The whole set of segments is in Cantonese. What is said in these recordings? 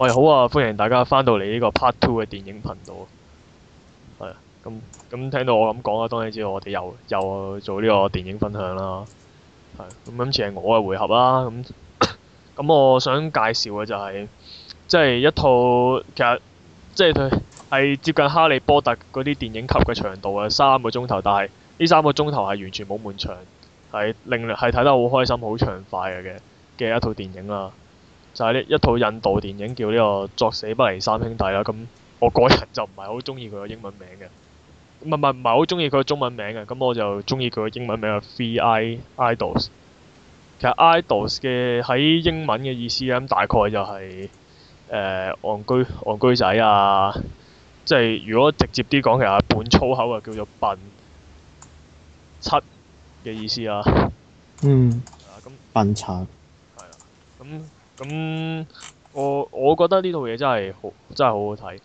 喂，好啊！歡迎大家翻到嚟呢個 Part Two 嘅電影頻道。係，咁咁聽到我咁講啊，當然知道我哋又又做呢個電影分享啦。係，咁今次係我嘅回合啦。咁，咁我想介紹嘅就係，即係一套其實即係係接近哈利波特嗰啲電影級嘅長度啊，三個鐘頭，但係呢三個鐘頭係完全冇悶場，係令係睇得好開心、好暢快嘅嘅一套電影啦。就係呢一套印度電影叫呢個作死不離三兄弟啦。咁我個人就唔係好中意佢個英文名嘅，唔係唔係唔係好中意佢個中文名嘅。咁我就中意佢個英文名啊 Three Idiots。其實 Idiots 嘅喺英文嘅意思咧，咁大概就係誒憨居憨居仔啊，即係如果直接啲講，其實本粗口啊叫做笨七嘅意思啊。嗯。咁。笨賊。係啊，咁。咁我我覺得呢套嘢真係好真係好好睇。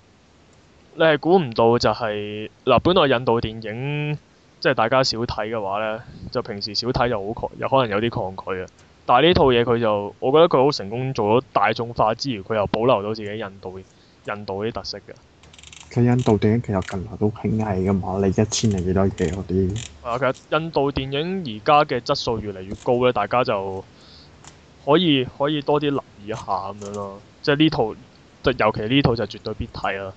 你係估唔到就係、是、嗱，本來印度電影即係大家少睇嘅話呢，就平時少睇就好，抗又可能有啲抗拒啊。但係呢套嘢佢就我覺得佢好成功做咗大眾化之，之餘佢又保留到自己印度印度嗰啲特色嘅。佢印度電影其實近來都興起噶嘛，你一千零幾多嘢嗰啲？其實印度電影而家嘅質素越嚟越高咧，大家就～可以可以多啲留意一下咁樣咯，即係呢套，尤其呢套就絕對必睇啦，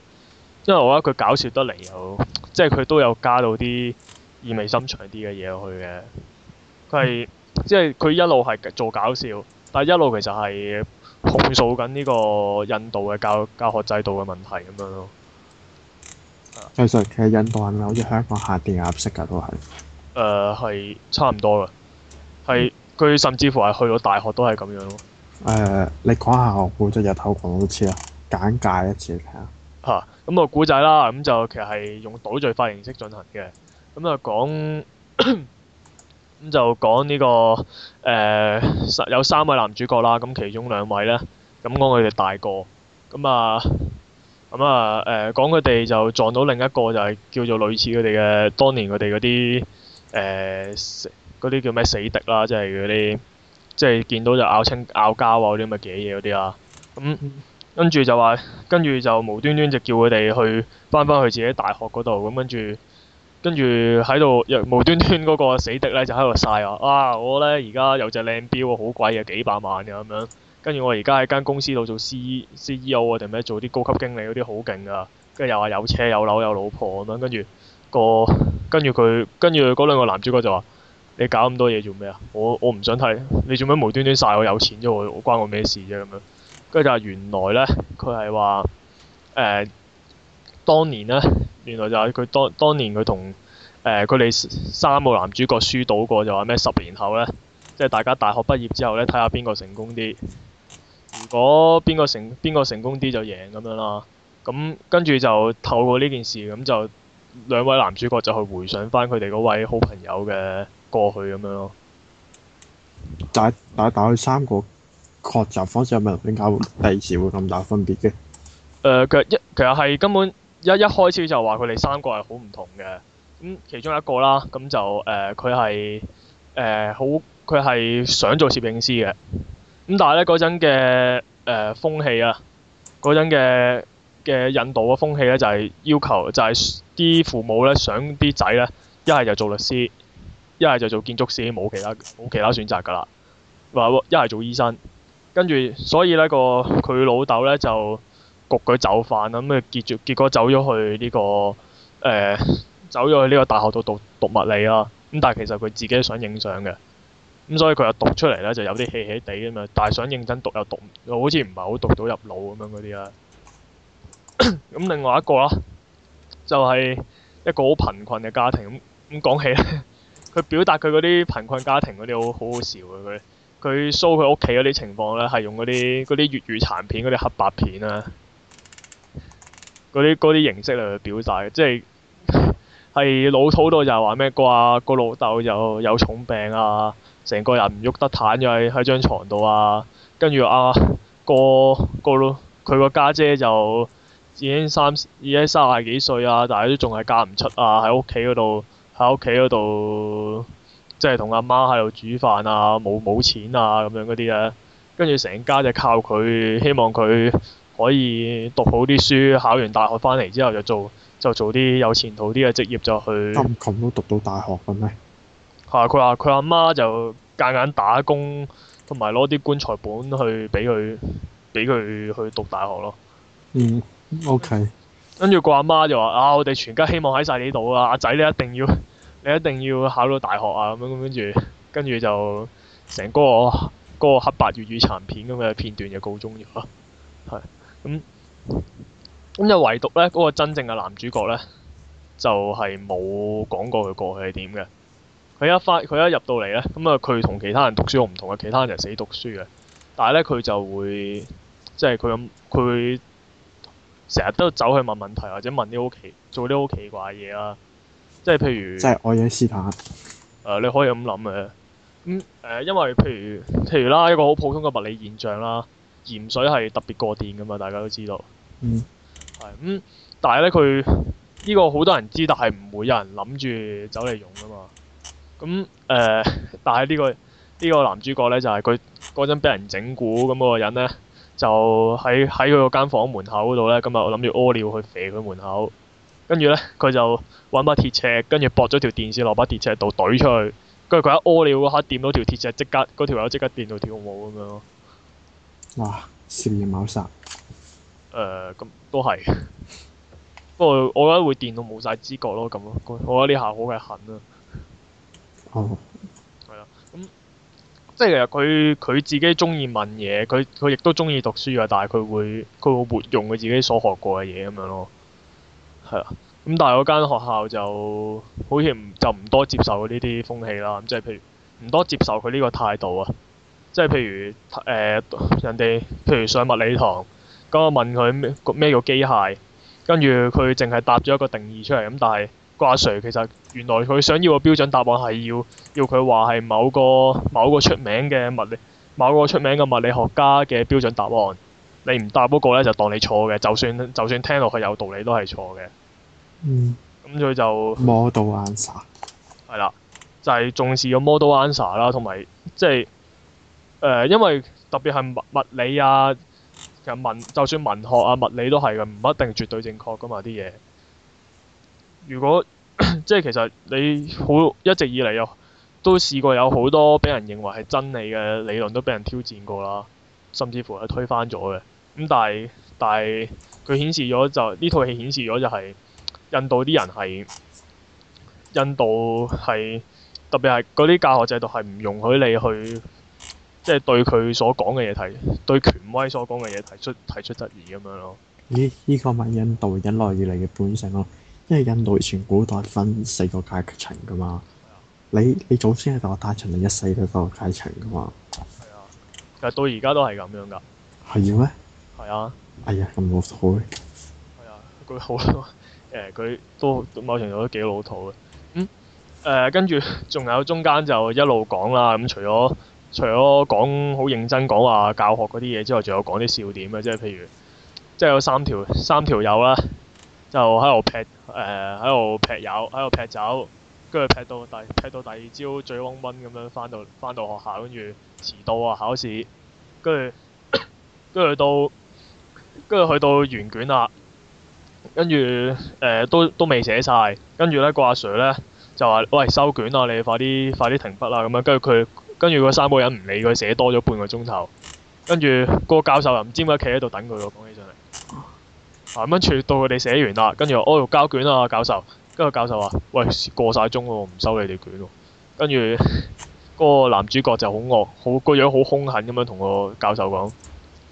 因為我覺得佢搞笑得嚟又，即係佢都有加到啲意味深長啲嘅嘢落去嘅。佢係即係佢一路係做搞笑，但係一路其實係控訴緊呢個印度嘅教教學制度嘅問題咁樣咯。其實其實印度係咪好似香港下填鴨式㗎都係？誒係、呃、差唔多㗎，係。佢甚至乎係去到大學都係咁樣咯。誒，你講下我故咗日頭講多次啊，簡介一次吓，下。咁啊，古仔啦，咁就其實係用倒敍法形式進行嘅。咁啊，講咁就講呢個誒，有三位男主角啦。咁其中兩位咧，咁講佢哋大個。咁啊，咁啊，誒，講佢哋就撞到另一個，就係叫做類似佢哋嘅當年佢哋嗰啲誒。嗰啲叫咩死敵啦，即係嗰啲，即係見到就拗頸拗交啊！嗰啲咁嘅嘢嗰啲啊。咁跟住就話，跟住就無端端就叫佢哋去翻返去自己大學嗰度，咁跟住，跟住喺度又無端端嗰個死敵咧就喺度曬啊。啊！我咧而家有隻靚表啊，好貴啊，幾百萬啊。咁樣。跟住我而家喺間公司度做 CE CEO 啊，定咩做啲高級經理嗰啲好勁噶。跟住又話有車有樓有老婆咁樣，跟住、個跟住佢跟住嗰兩個男主角就話。就你搞咁多嘢做咩啊？我我唔想睇你做咩無端端晒我有錢啫，我我關我咩事啫咁樣。跟住就原來呢，佢係話誒當年呢，原來就係佢當當年佢同佢哋三個男主角輸賭過，就話咩十年後呢？即係大家大學畢業之後呢，睇下邊個成功啲。如果邊個成邊個成功啲就贏咁樣啦。咁跟住就透過呢件事咁就兩位男主角就去回想翻佢哋嗰位好朋友嘅。過去咁樣咯，但但但佢三個學習方式係咪點解會第二時會咁大分別嘅？誒、呃，其實一其實係根本一一開始就話佢哋三個係好唔同嘅。咁其中一個啦，咁就誒佢係誒好佢係想做攝影師嘅。咁但係咧嗰陣嘅誒風氣啊，嗰陣嘅嘅印度嘅風氣咧，就係、是、要求就係啲父母咧想啲仔咧一係就做律師。一係就做建築師，冇其他冇其他選擇㗎啦。話一係做醫生，跟住所以呢、那個佢老豆呢，就焗佢走飯啦。咁、嗯、啊結住結果走咗去呢、這個誒、呃、走咗去呢個大學度讀讀，讀物理啦。咁但係其實佢自己都想影相嘅，咁、嗯、所以佢又讀出嚟呢，就有啲氣氣地啊嘛。但係想認真讀又讀又好似唔係好讀到入腦咁樣嗰啲啦。咁、嗯、另外一個啦，就係、是、一個好貧困嘅家庭咁咁、嗯嗯、講起 佢表達佢嗰啲貧困家庭嗰啲好好好笑啊！佢佢 show 佢屋企嗰啲情況咧，係用嗰啲嗰啲粵語殘片嗰啲黑白片啊，嗰啲嗰啲形式嚟表達即係係 老土到，就係話咩？個個老豆又有重病啊，成個人唔喐得癱，就喺喺張床度啊。跟住啊，個個囉佢個家姐，姐就已經三已經卅幾歲啊，但係都仲係嫁唔出啊，喺屋企嗰度。喺屋企嗰度，即係同阿媽喺度煮飯啊，冇冇錢啊咁樣嗰啲啊。跟住成家就靠佢，希望佢可以讀好啲書，考完大學翻嚟之後就做就做啲有前途啲嘅職業就去。金琴都讀到大學嘅咩？係、啊，佢話佢阿媽就夾硬打工，同埋攞啲棺材本去俾佢，俾佢去讀大學咯。嗯，OK。跟住個阿媽就話：啊，我哋全家希望喺晒你度啊！阿仔你一定要，你一定要考到大學啊！咁樣咁跟住，跟住就成個嗰個黑白粵語殘片咁嘅片段就告終咗。係咁，咁、嗯、就、嗯、唯獨呢嗰個真正嘅男主角呢，就係冇講過佢過去係點嘅。佢一發佢一入到嚟呢，咁啊佢同其他人讀書好唔同嘅，其他人就死讀書嘅，但係呢，佢就會即係佢咁佢。成日都走去問問題，或者問啲好奇做啲好奇怪嘢啦、啊。即係譬如，即係愛因斯坦。誒、呃，你可以咁諗嘅。咁、嗯、誒、呃，因為譬如譬如啦，一個好普通嘅物理現象啦，鹽水係特別過電㗎嘛，大家都知道。嗯。係咁、嗯，但係咧佢呢、呢個好多人知，但係唔會有人諗住走嚟用㗎嘛。咁、嗯、誒、呃，但係呢、呢個呢、呢個男主角咧，就係佢嗰陣俾人整蠱咁嗰個人咧。就喺喺佢個間房門口嗰度呢，今日我諗住屙尿去射佢門口，跟住呢，佢就揾把鐵尺，跟住駁咗條電線落把鐵尺度懟出去，跟住佢一屙尿嗰刻掂到條鐵尺，即刻嗰條友即刻電到跳舞咁樣咯。哇！涉嫌謀殺。誒、呃，咁都係。不過我覺得會電到冇晒知覺咯，咁咯，我覺得呢下好鬼狠啊。哦即係其實佢佢自己鍾意問嘢，佢佢亦都鍾意讀書啊，但係佢會佢會活用佢自己所學過嘅嘢咁樣咯。係啊，咁但係嗰間學校就好似唔就唔多接受呢啲風氣啦，即係譬如唔多接受佢呢個態度啊。即係譬如誒、呃、人哋譬如上物理堂，咁我問佢咩咩叫機械，跟住佢淨係答咗一個定義出嚟咁，但係。掛 sir，其實原來佢想要嘅標準答案係要要佢話係某個某個出名嘅物理某個出名嘅物理學家嘅標準答案，你唔答嗰個呢就當你錯嘅，就算就算聽落去有道理都係錯嘅。嗯。咁佢就 model answer。係啦，就係、是、重視個 model answer 啦，同埋即係呃因為特別係物理啊，其實文就算文學啊，物理都係嘅，唔一定絕對正確噶嘛啲嘢。如果即係其實你好一直以嚟有都試過有好多俾人認為係真理嘅理論都俾人挑戰過啦，甚至乎係推翻咗嘅。咁、嗯、但係但係佢顯示咗就呢套戲顯示咗就係、是、印度啲人係印度係特別係嗰啲教學制度係唔容許你去即係、就是、對佢所講嘅嘢提對權威所講嘅嘢提出提出質疑咁樣咯。咦？呢個咪印度引嚟以嚟嘅本性咯、啊、～因為印度以前古代分四個階層噶嘛，啊、你你祖先係第個階層，你一世都係第個階層噶嘛。係啊，其實到而家都係咁樣噶。係咩嗎？係啊。哎呀，咁老土。係啊，佢好誒，佢、欸、都某程度都幾老土嘅。咁、嗯、誒，跟住仲有中間就一路講啦。咁除咗除咗講好認真講話教學嗰啲嘢之外，仲有講啲笑點嘅，即係譬如，即係有三條三條友啦。就喺度劈誒，喺度劈友，喺度劈酒，跟住劈到第劈到第二朝醉翁翁咁樣翻到翻到學校，跟住遲到啊考試，跟住跟住到跟住去到完卷啦，跟住誒都都未寫晒，跟住呢個阿 sir 呢就話：喂收卷啦，你快啲快啲停筆啦咁樣。跟住佢跟住個三個人唔理佢寫多咗半個鐘頭，跟住個教授又唔知點解企喺度等佢咯。講起上嚟。嗱，咁跟住到佢哋寫完啦，跟住話：哦，交卷啊，教授。跟住教授話：喂，過晒鐘咯，唔收你哋卷喎。跟住嗰個男主角就好惡，好個樣好兇狠咁樣同個教授講。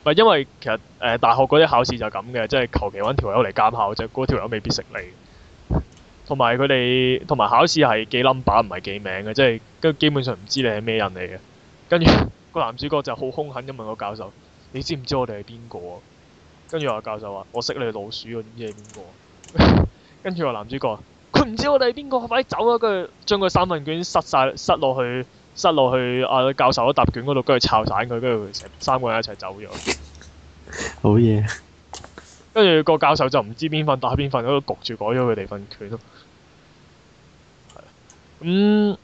喂，因為其實誒、呃、大學嗰啲考試就咁嘅，即係求其揾條友嚟監考，就係嗰條友未必識你。同埋佢哋，同埋考試係記 number 唔係記名嘅，即係跟基本上唔知你係咩人嚟嘅。跟住個男主角就好兇狠咁問個教授：你知唔知我哋係邊個啊？跟住個教授話：我識你老鼠喎，唔知係邊個。跟住個男主角：佢唔知我哋係邊個，快啲走啊。跟住將個三份卷塞晒，塞落去，塞落去啊教授嗰答卷嗰度，跟住抄散佢，跟住成三個人一齊走咗。好嘢耶！跟住個教授就唔知邊份打邊份，喺度焗住改咗佢哋份卷咯。係 啊、嗯，咁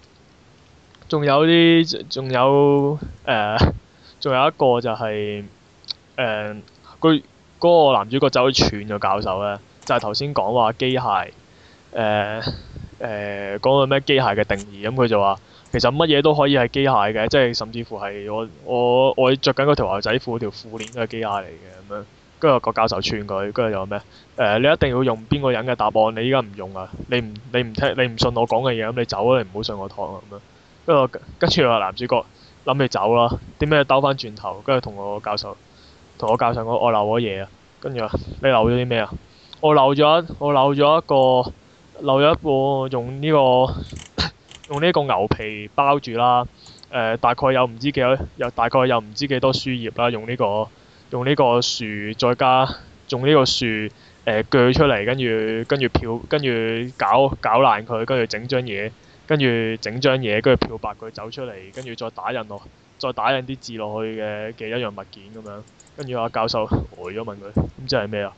仲有啲，仲有誒，仲、呃、有一個就係、是、誒，佢、呃。嗰個男主角走去串個教授咧，就係頭先講話機械，誒誒講個咩機械嘅定義，咁、嗯、佢就話其實乜嘢都可以係機械嘅，即係甚至乎係我我我着緊嗰條牛仔褲條褲鏈都係機械嚟嘅咁樣。跟住個教授串佢，跟住又話咩？誒、呃、你一定要用邊個人嘅答案，你依家唔用啊！你唔你唔聽你唔信我講嘅嘢，咁你走啊！你唔好上我堂啊咁樣。跟住跟住個男主角諗住走啦，點解？兜翻轉頭，著跟住同個教授。同我教上我我留咗嘢啊，跟住啊，你留咗啲咩啊？我留咗我留咗一個留咗一個用呢個用呢個用呢個牛皮包住啦。誒、呃，大概有唔知幾多有大概有唔知幾多書頁啦。用呢個用呢個樹再加用呢個樹誒鋸、呃、出嚟，跟住跟住漂跟住搞搞，搞爛佢，跟住整張嘢，跟住整張嘢，跟住漂白佢走出嚟，跟住再打印落再打印啲字落去嘅嘅一樣物件咁樣。跟住阿教授呆咗，問佢咁即係咩啊？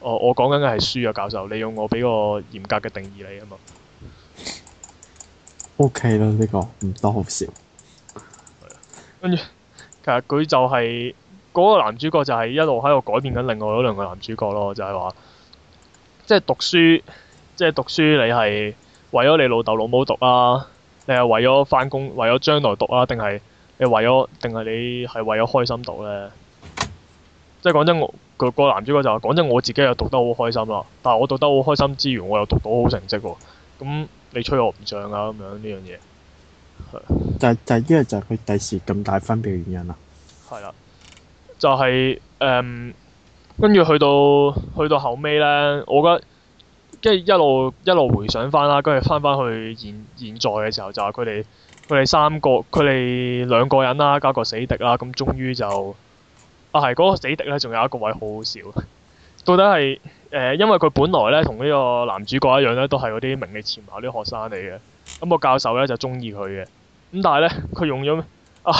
哦，我講緊嘅係書啊，教授，你用我俾個嚴格嘅定義你啊嘛。O K 啦，呢、okay 這個唔多好笑。跟住其實佢就係、是、嗰、那個、個男主角，就係一路喺度改變緊另外嗰兩個男主角咯。就係話即係讀書，即、就、係、是、讀書，你係為咗你老豆老母讀啊？你係為咗翻工，為咗將來讀啊？定係你為咗定係你係為咗開心讀咧？即係講真，我、嗰個男主角就話：講真，我自己又讀得好開心啦。但係我讀得好開心之餘，我又讀到好成績喎。咁你吹我唔漲啊？咁樣呢樣嘢。係。就就因為就係佢第時咁大分別嘅原因啦、啊。係啦。就係、是、誒，跟、嗯、住去到去到後尾咧，我覺得，即係一路一路回想翻啦，跟住翻翻去現現在嘅時候就，就係佢哋佢哋三個，佢哋兩個人啦，加個死敵啦，咁終於就。啊，係嗰、那個死敵呢，仲有一個位好好笑。到底係誒、呃，因為佢本來呢，同呢個男主角一樣呢都係嗰啲名列前茅啲學生嚟嘅。咁、嗯、個教授呢，就中意佢嘅。咁、嗯、但係呢，佢用咗咩？啊，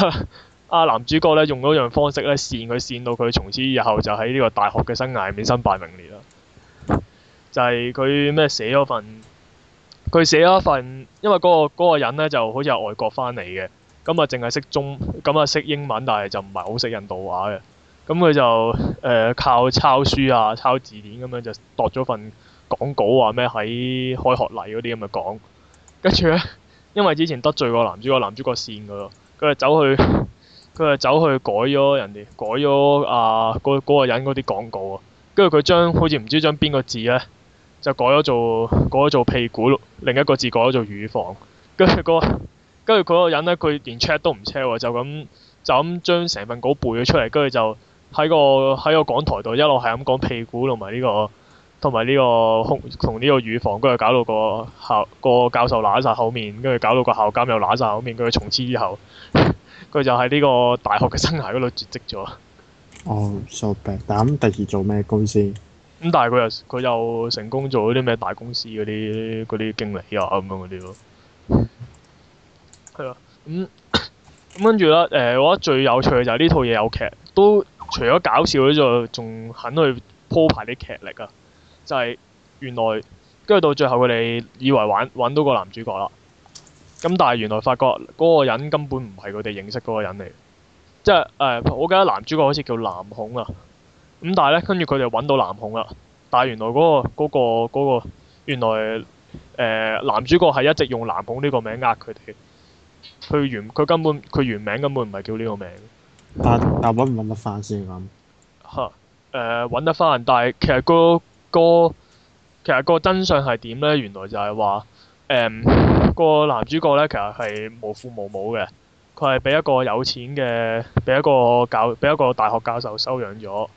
啊男主角呢，用咗樣方式呢，扇佢扇到佢從此以後就喺呢個大學嘅生涯入面身敗名裂啦。就係佢咩寫咗份，佢寫咗份，因為嗰、那個嗰、那個人呢，就好似係外國翻嚟嘅，咁啊淨係識中，咁啊識英文，但係就唔係好識印度話嘅。咁佢、嗯、就誒、呃、靠抄書啊、抄字典咁樣就度咗份講稿啊。咩喺開學禮嗰啲咁咪講，跟住咧，因為之前得罪過男主角，男主角線噶咯，佢就走去佢就走去改咗人哋改咗啊個嗰、嗰個人嗰啲講稿啊，跟住佢將好似唔知將邊個字咧就改咗做改咗做屁股另一個字改咗做乳房，跟住、嗰個跟住嗰個人咧佢連 check 都唔 check 喎，就咁就咁將成份稿背咗出嚟，跟住就。喺個喺個講台度一路係咁講屁股，同埋呢個同埋呢個胸同呢個乳房，跟住搞到個校個教授嗱晒口面，跟住搞到個校監又嗱晒口面，佢從此以後佢就喺呢個大學嘅生涯嗰度絕跡咗。哦，受病咁第二做咩公司？咁、嗯、但係佢又佢又成功做咗啲咩大公司嗰啲嗰啲經理啊咁樣嗰啲咯。係 啊，咁咁跟住啦，誒、嗯嗯呃，我覺得最有趣嘅就係呢套嘢有劇都。除咗搞笑呢，仲仲肯去鋪排啲劇力啊，就係原來跟住到最後，佢哋以為揾到個男主角啦。咁但係原來發覺嗰個人根本唔係佢哋認識嗰個人嚟。即係呃，我記得男主角好似叫南孔啊。咁但係呢，跟住佢哋揾到南孔啦。但係原來嗰個嗰個嗰個原來呃男主角係一直用南孔呢個名呃佢哋。佢原佢根本佢原名根本唔係叫呢個名。但但揾唔揾得翻先？咁嚇，誒揾得翻，但係、嗯、其實、那個個其實個真相係點咧？原來就係話誒個男主角咧，其實係無父無母嘅，佢係俾一個有錢嘅俾一個教俾一個大學教授收養咗，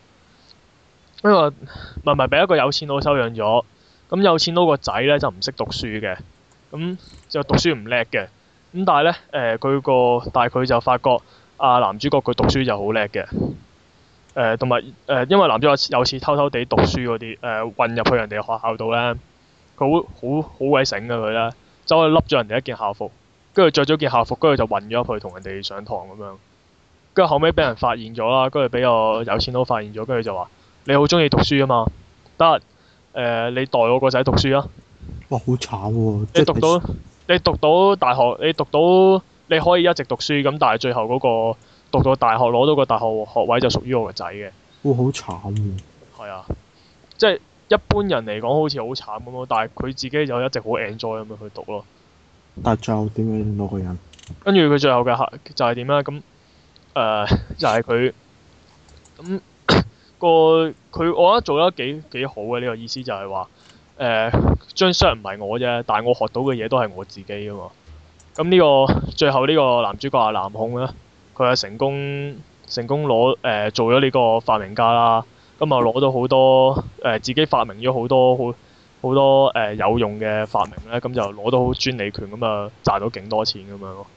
因為唔係唔係俾一個有錢佬收養咗，咁有錢佬個仔咧就唔識讀書嘅，咁就讀書唔叻嘅，咁但係咧誒佢個但係佢就發覺。啊！男主角佢讀書就好叻嘅，誒同埋誒，因為男主角有次偷偷地讀書嗰啲，誒混入去人哋學校度咧，佢好好好鬼醒嘅佢咧，走去笠咗人哋一件校服，跟住着咗件校服，跟住就混咗入去同人哋上堂咁樣，跟住後尾俾人發現咗啦，跟住俾個有錢佬發現咗，跟住就話：你好中意讀書啊嘛，得，誒、呃、你代我個仔讀書啊！哇！好慘喎！你讀到、就是、你讀到你讀到大學，你讀到。你可以一直讀書咁，但係最後嗰個讀到大學攞到個大學學位就屬於我個仔嘅。喎、哦，好慘嘅。係啊，即、就、係、是、一般人嚟講好似好慘咁咯，但係佢自己就一直好 enjoy 咁去讀咯。但係最後點樣令到個人？跟住佢最後嘅就係點咧？咁誒、呃、就係佢咁個佢，我覺得做得幾幾好嘅呢、這個意思就係話誒張書唔係我啫，但係我學到嘅嘢都係我自己㗎嘛。咁呢個最後呢個男主角阿南孔呢，佢係成功成功攞誒、呃、做咗呢個發明家啦。咁啊攞到好多誒、呃、自己發明咗好多好好多誒、呃、有用嘅發明呢，咁就攞到好專利權咁啊，就賺到勁多錢咁樣咯。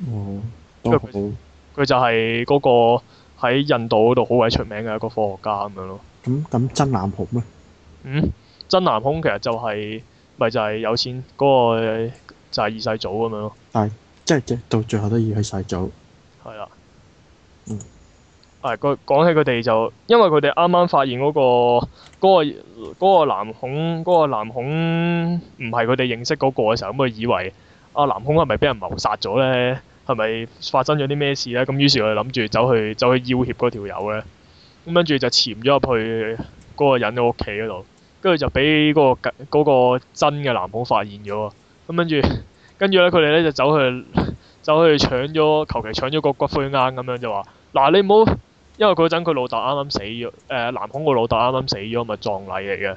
哦、嗯，佢就係嗰個喺印度嗰度好鬼出名嘅一個科學家咁樣咯。咁咁真南孔咩？嗯，真南孔其實就係、是、咪就係、是、有錢嗰、那個？就係二世祖咁樣咯，係，即係即係到最後都係二世祖，係啦，嗯，係個講起佢哋就，因為佢哋啱啱發現嗰個嗰個嗰個男恐嗰個男恐唔係佢哋認識嗰個嘅時候，咁佢以為啊，男恐係咪俾人謀殺咗呢？係咪發生咗啲咩事呢？咁於是佢哋諗住走去走去要挾嗰條友呢。咁跟住就潛咗入去嗰個人嘅屋企嗰度，跟住就俾嗰個嗰個真嘅男恐發現咗，咁跟住。跟住咧，佢哋咧就走去，走去搶咗，求其搶咗個骨灰盎咁樣就話，嗱、啊、你唔好，因為嗰陣佢老豆啱啱死咗，誒、呃、南孔個老豆啱啱死咗咪葬禮嚟嘅，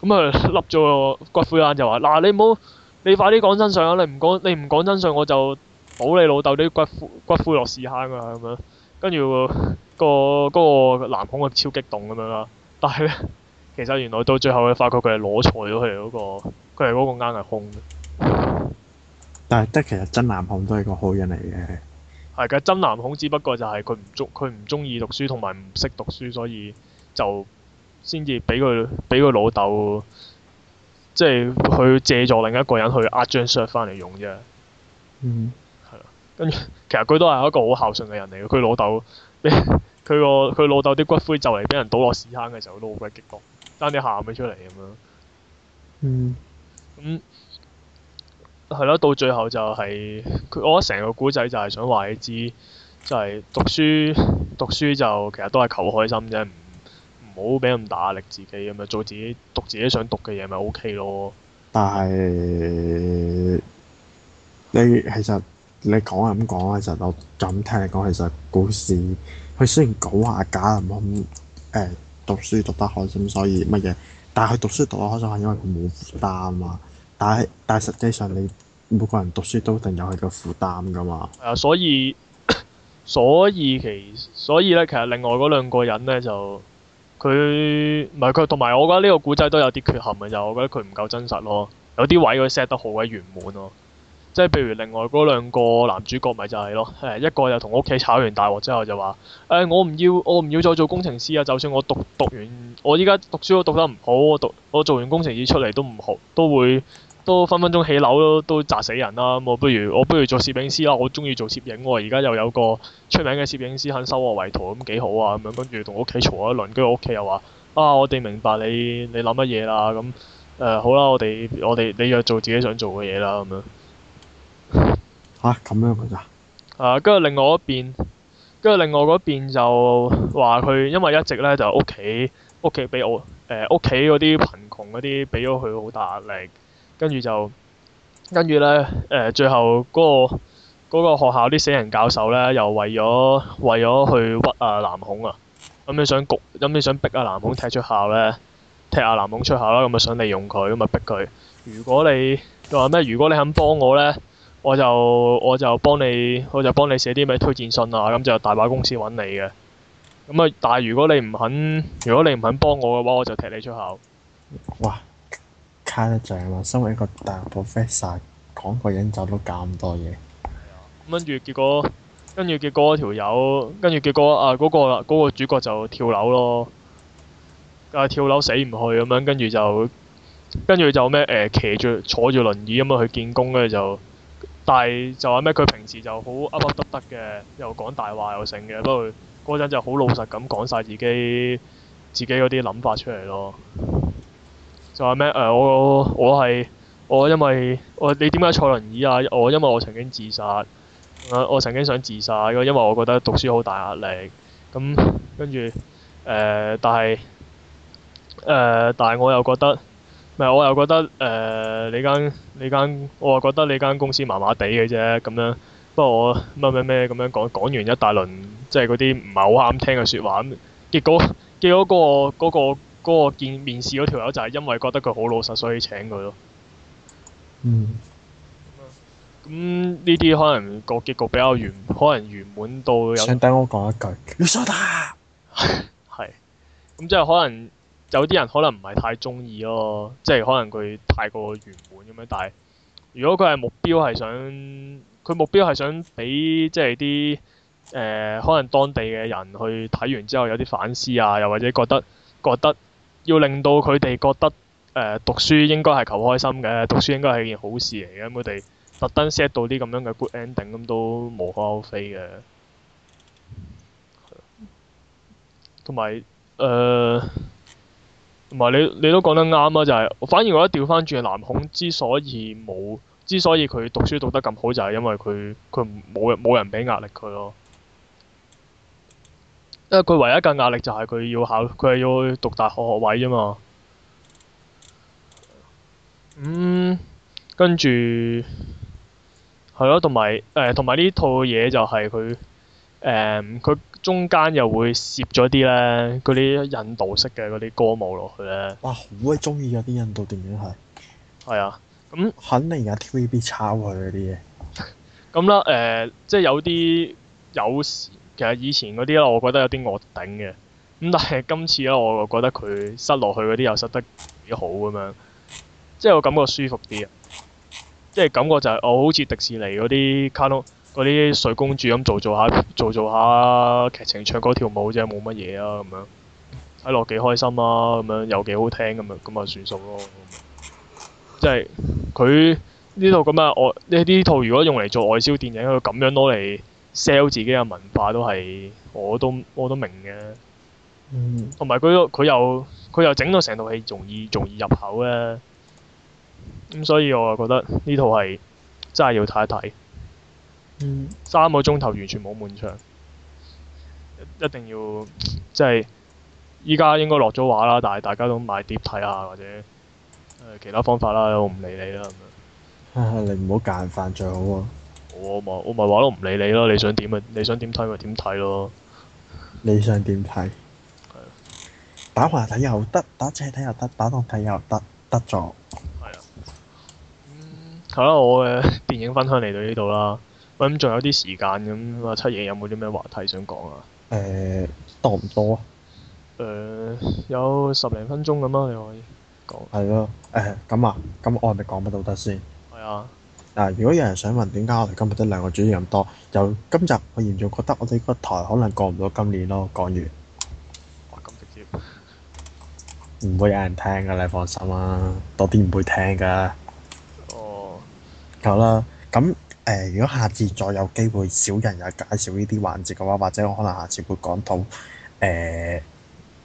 咁啊笠咗個骨灰盎就話，嗱、啊、你唔好，你快啲講真相啊！你唔講你唔講真相我就爸爸，倒你老豆啲骨灰骨灰落屎坑啊！咁樣，跟住、那個嗰、那個那個南孔啊超激動咁樣啦，但係咧，其實原來到最後佢發覺佢係攞錯咗佢哋嗰個，佢係嗰個盎係空嘅。但係，即係其實真南孔都係個好人嚟嘅。係嘅，真南孔只不過就係佢唔中佢唔中意讀書，同埋唔識讀書，所以就先至俾佢俾佢老豆，即係佢借助另一個人去呃張書翻嚟用啫。嗯。係啊。跟住，其實佢都係一個好孝順嘅人嚟嘅。佢老豆，佢個佢老豆啲骨灰就嚟俾人倒落屎坑嘅時候，都好鬼激動，爭啲喊咗出嚟咁樣。嗯。咁、嗯。係咯，到最後就係佢，我覺得成個古仔就係想話你知，就係讀書讀書就其實都係求開心啫，唔好畀咁大壓力自己，咁樣做自己讀自己想讀嘅嘢咪 O K 咯。但係你其實你講係咁講，其實我咁聽你講，其實故事佢雖然講話假咁誒讀書讀得開心，所以乜嘢，但係佢讀書讀得開心係因為佢冇負擔啊嘛。但係，但係實際上，你每個人讀書都一定有佢個負擔噶嘛。啊，所以所以其所以咧，其實另外嗰兩個人咧就佢唔係佢同埋，我覺得呢個古仔都有啲缺陷嘅就，我覺得佢唔夠真實咯。有啲位佢 set 得好鬼圓滿咯，即係譬如另外嗰兩個男主角，咪就係咯。誒，一個就同屋企炒完大鑊之後就話誒、欸，我唔要我唔要再做工程師啊！就算我讀讀完，我依家讀書都讀得唔好，我讀我做完工程師出嚟都唔好，都會。都分分鐘起樓都砸死人啦！咁、嗯、我不如，我不如做攝影師啦！我中意做攝影喎、哦，而家又有個出名嘅攝影師肯收我為徒，咁、嗯、幾好啊！咁樣跟住同屋企嘈咗一輪，跟住屋企又話：啊，我哋明白你，你諗乜嘢啦？咁、嗯、誒、呃、好啦，我哋我哋你若做自己想做嘅嘢啦，咁樣嚇咁樣㗎？啊，跟住、啊、另外一邊，跟住另外嗰邊就話佢因為一直咧就屋企屋企俾我誒屋企嗰啲貧窮嗰啲俾咗佢好大壓力。跟住就，跟住呢，誒、呃，最後嗰個嗰個學校啲死人教授呢，又為咗為咗去屈啊南孔啊，咁你想焗，咁你想逼啊南孔踢出校呢？踢啊南孔出校啦，咁、嗯、啊想利用佢，咁、嗯、啊逼佢。如果你話咩，如果你肯幫我呢，我就我就幫你，我就幫你寫啲咩推薦信啊，咁、嗯、就大把公司揾你嘅。咁、嗯、啊，但係如果你唔肯，如果你唔肯幫我嘅話，我就踢你出校。哇！睇得著啊！身為一個大 professor，講個飲酒都咁多嘢。跟住結果，跟住結果條友，跟住結果啊嗰、嗰個那個主角就跳樓咯。啊！跳樓死唔去咁樣，跟住就跟住就咩誒騎住坐住輪椅咁樣去見工跟住就。但係就話咩？佢平時就好凹凹凸凸嘅，又講大話又成嘅。不過嗰陣就好老實咁講晒自己自己嗰啲諗法出嚟咯。就話咩？誒、呃，我我係我，我因為我你點解坐輪椅啊？我，為我因為我曾經自殺。我、呃、我曾經想自殺嘅，因為我覺得讀書好大壓力。咁跟住誒，但係，誒、呃，但係我又覺得，唔、呃、係，我又覺得誒、呃，你間，你間，我又覺得你間公司麻麻哋嘅啫咁樣，不過我乜乜乜咁樣講，講完一大輪，即係嗰啲唔係好啱聽嘅説話。結果結果、嗰個、嗰個嗰個見面試嗰條友就係因為覺得佢好老實，所以請佢咯。嗯。咁呢啲可能個結局比較圓，可能圓滿到有。想等我講一句。你衰得。係。咁即係可能有啲人可能唔係太中意咯，即係可能佢太過圓滿咁樣。但係如果佢係目標係想，佢目標係想俾即係啲誒可能當地嘅人去睇完之後有啲反思啊，又或者覺得覺得。要令到佢哋覺得誒讀書應該係求開心嘅，讀書應該係件好事嚟嘅，咁佢哋特登 set 到啲咁樣嘅 good ending，咁都無可厚非嘅。同埋誒，同、呃、埋你你都講得啱啊！就係、是，反而我覺得調翻轉藍孔之所以冇，之所以佢讀書讀得咁好，就係、是、因為佢佢冇冇人俾壓力佢咯。佢唯一嘅壓力就係佢要考，佢係要讀大學學位啫嘛。嗯，跟住係咯，同埋誒，同埋呢套嘢就係佢誒，佢、嗯、中間又會攝咗啲咧，嗰啲印度式嘅嗰啲歌舞落去咧。哇！好鬼中意啊，啲印度電影係。係啊，咁肯定有 TVB 抄佢嗰啲嘢。咁啦、 嗯，誒、呃，即係有啲有時。其實以前嗰啲啦，我覺得有啲惡頂嘅，咁但係今次咧，我覺得佢塞落去嗰啲又塞得幾好咁樣，即係我感覺舒服啲啊！即係感覺就係、是、我好似迪士尼嗰啲卡通、嗰啲睡公主咁做做下、做做下劇情、唱歌跳舞啫，冇乜嘢啊咁樣，睇落幾開心啊咁樣，又幾好聽咁樣咁啊算數咯！即係佢呢套咁啊，我呢呢套如果用嚟做外銷電影，佢咁樣攞嚟。sell 自己嘅文化都係，我都我都明嘅。同埋佢佢又佢又整到成套戲容易容易入口呢。咁、嗯、所以我就覺得呢套係真係要睇一睇。嗯、三個鐘頭完全冇悶場。一定要即係依家應該落咗畫啦，但係大家都買碟睇下或者、呃、其他方法啦，我唔理你啦，你唔好揀飯最好喎、啊。我咪我話咯，唔理你咯，你想點咪你想點睇咪點睇咯。你想點睇係啊？打橫睇又得，打斜睇又得，打檔睇又得，得咗。係啊、嗯。好啦，我嘅電影分享嚟到呢度啦。喂，咁、嗯、仲有啲時間咁，七爺有冇啲咩話題想講啊？誒、呃，多唔多？誒、呃，有十零分鐘咁啊，你可以講。係咯。誒、欸，咁啊，咁我係咪講乜都得先？係啊。啊！如果有人想問點解我哋今日得兩個主題咁多，又今集我嚴重覺得我哋個台可能過唔到今年咯。講完，哇咁屌，唔會有人聽㗎，你放心啦，多啲唔會聽㗎。嗯、哦，好啦，咁誒、呃，如果下次再有機會少人又介紹呢啲環節嘅話，或者我可能下次會講到誒、呃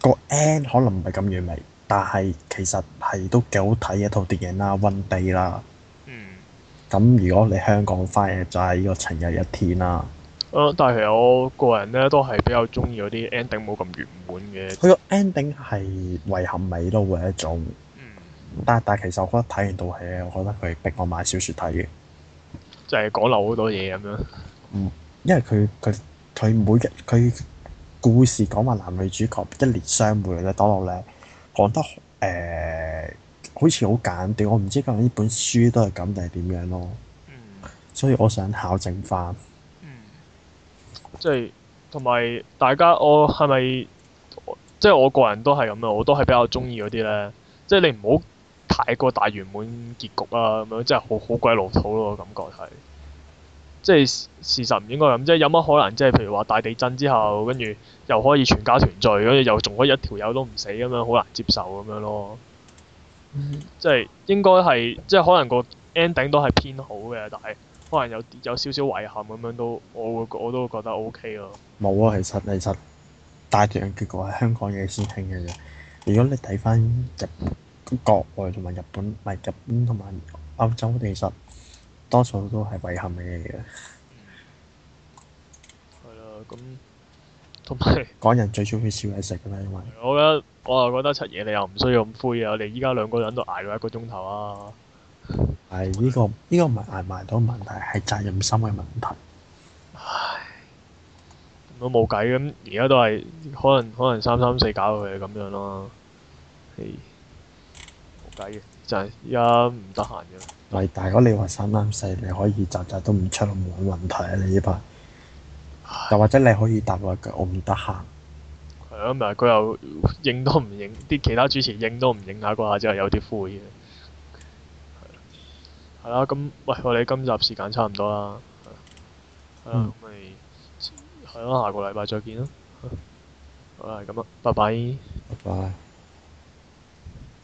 那個 N 可能唔係咁完美，但係其實係都幾好睇一套電影啦，《韻地》啦。咁如果你香港翻嘅就係、是、呢個晴日一天啦。啊、呃，但係我個人咧都係比較中意嗰啲 ending 冇咁圓滿嘅。佢個 ending 係遺憾尾咯，會係一種。嗯。但係但係其實我覺得睇完套戲，我覺得佢逼我買小說睇嘅。就係講漏好多嘢咁樣。嗯，因為佢佢佢每日佢故事講話男女主角一年相會咧，多落咧講得誒。呃好似好簡短，我唔知究竟呢本書都係咁定係點樣咯。嗯、所以我想考證翻、嗯。即係同埋大家，我係咪即係我個人都係咁啊？我都係比較中意嗰啲咧。即係你唔好太過大圓滿結局啊！咁樣即係好好鬼老土咯、啊，感覺係。即係事實唔應該咁，即係有乜可能？即係譬如話大地震之後，跟住又可以全家團聚，跟住又仲可以一條友都唔死咁樣，好難接受咁樣咯。嗯、即係應該係即係可能個 ending 都係偏好嘅，但係可能有有少少遺憾咁樣都，我會我都會覺得 OK 咯。冇啊，其實其實大結局係香港嘢先興嘅啫，如果你睇翻日國外同埋日本，唔係日本同埋、啊、歐洲，其實多數都係遺憾嘅嘢。係啊、嗯，咁同埋港人最中意少嘢食噶啦，因為 我覺得。我又覺得出嘢你又唔需要咁灰啊！我哋依家兩個人都挨咗一個鐘頭啊！係呢、這個呢、這個唔係捱埋到問題，係責任心嘅問題。唉，都冇計咁，而家都係可能可能三三四搞佢咁樣咯。係冇計嘅，就係而家唔得閒嘅。係，但係如果你話三三四，你可以集集都唔出冇問題啊！你呢班，又或者你可以答話我唔得閒。咁咪佢又認都唔認，啲其他主持認都唔認下，嗰下真係有啲灰嘅。係啦，咁喂，我哋今集時間差唔多啦。係啊，咪係咯，下個禮拜再見啦。好啦，係咁啊，拜拜，拜拜。